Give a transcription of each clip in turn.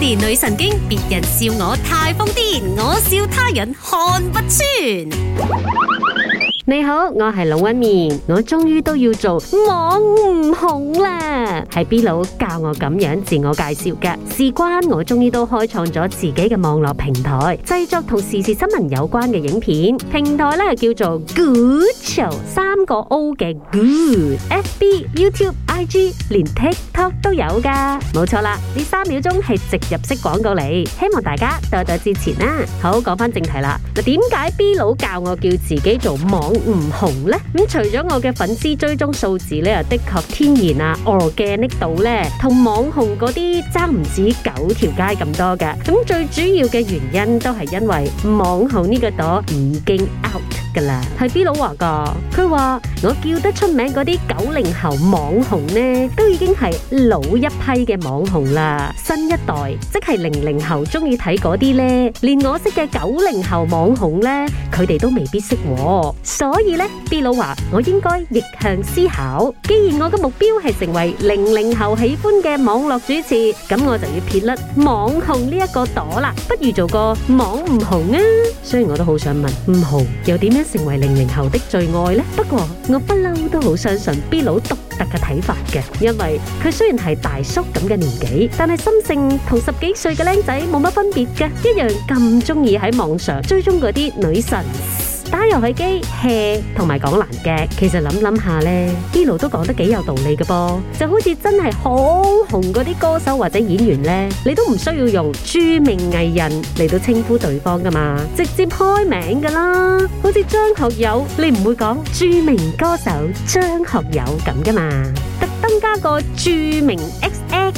連女神經，別人笑我太瘋癲，我笑他人看不穿。你好，我係龍紋敏，我終於都要做網紅啦。係 B 佬教我咁樣自我介紹嘅。事關我終於都開創咗自己嘅網絡平台，製作同時事新聞有關嘅影片。平台咧叫做 Good Show，三個 O 嘅 Good，FB、YouTube。連 TikTok 都有噶，冇錯啦！呢三秒鐘係植入式廣告嚟，希望大家多多支持啦。好，講翻正題啦，嗱，點解 B 佬教我叫自己做網唔紅咧？咁除咗我嘅粉絲追蹤數字呢，又的確天然啊，organic 度呢，同網紅嗰啲差唔止九條街咁多嘅。咁最主要嘅原因都係因為網紅呢個朵已經 out。噶啦，係 B 佬話噶，佢話我叫得出名嗰啲九零後網紅呢，都已經係老一批嘅網紅啦。新一代即係零零後中意睇嗰啲呢，連我識嘅九零後網紅呢，佢哋都未必識。所以呢，B 佬話我應該逆向思考，既然我嘅目標係成為零零後喜歡嘅網絡主持，咁我就要撇甩網紅呢一個朵啦，不如做個網唔紅啊！雖然我都好想問，唔紅又點咩？成為零零後的最愛呢？不過我不嬲都好相信 B 佬獨特嘅睇法嘅，因為佢雖然係大叔咁嘅年紀，但係心性同十幾歲嘅僆仔冇乜分別嘅，一樣咁中意喺網上追蹤嗰啲女神。打遊戲機、吃同埋講難嘅。其實諗諗下呢，基奴 都講得幾有道理嘅噃，就好似真係好紅嗰啲歌手或者演員呢，你都唔需要用著名藝人嚟到稱呼對方噶嘛，直接開名噶啦，好似張學友，你唔會講著名歌手張學友咁噶嘛，特登加個著名。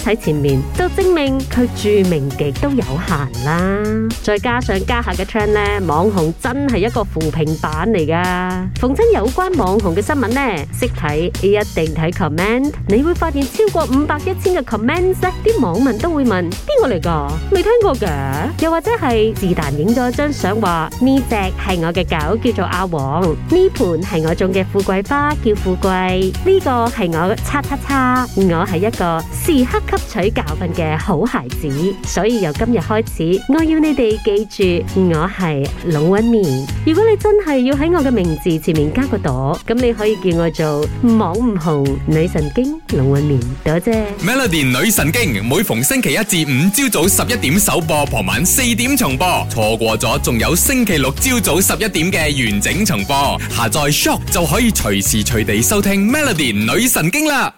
喺前面就證明佢著名極都有限啦。再加上家下嘅 trend 呢，l 網紅真係一個扶貧版嚟噶。逢親有關網紅嘅新聞呢，識睇一定睇 comment，你會發現超過五百一千個 comment 咧，啲網民都會問邊個嚟噶？未聽過噶？又或者係自彈影咗張相話，呢隻係我嘅狗叫做阿黃，呢盤係我種嘅富貴花叫富貴，呢個係我叉叉叉。」我係一個刻吸取教訓嘅好孩子，所以由今日開始，我要你哋記住，我係龍紋敏。如果你真係要喺我嘅名字前面加個朵，咁你可以叫我做網唔紅女神經龍紋敏，多謝。Melody 女神經每逢星期一至五朝早十一點首播，傍晚四點重播，錯過咗仲有星期六朝早十一點嘅完整重播。下載 shop 就可以隨時隨地收聽 Melody 女神經啦。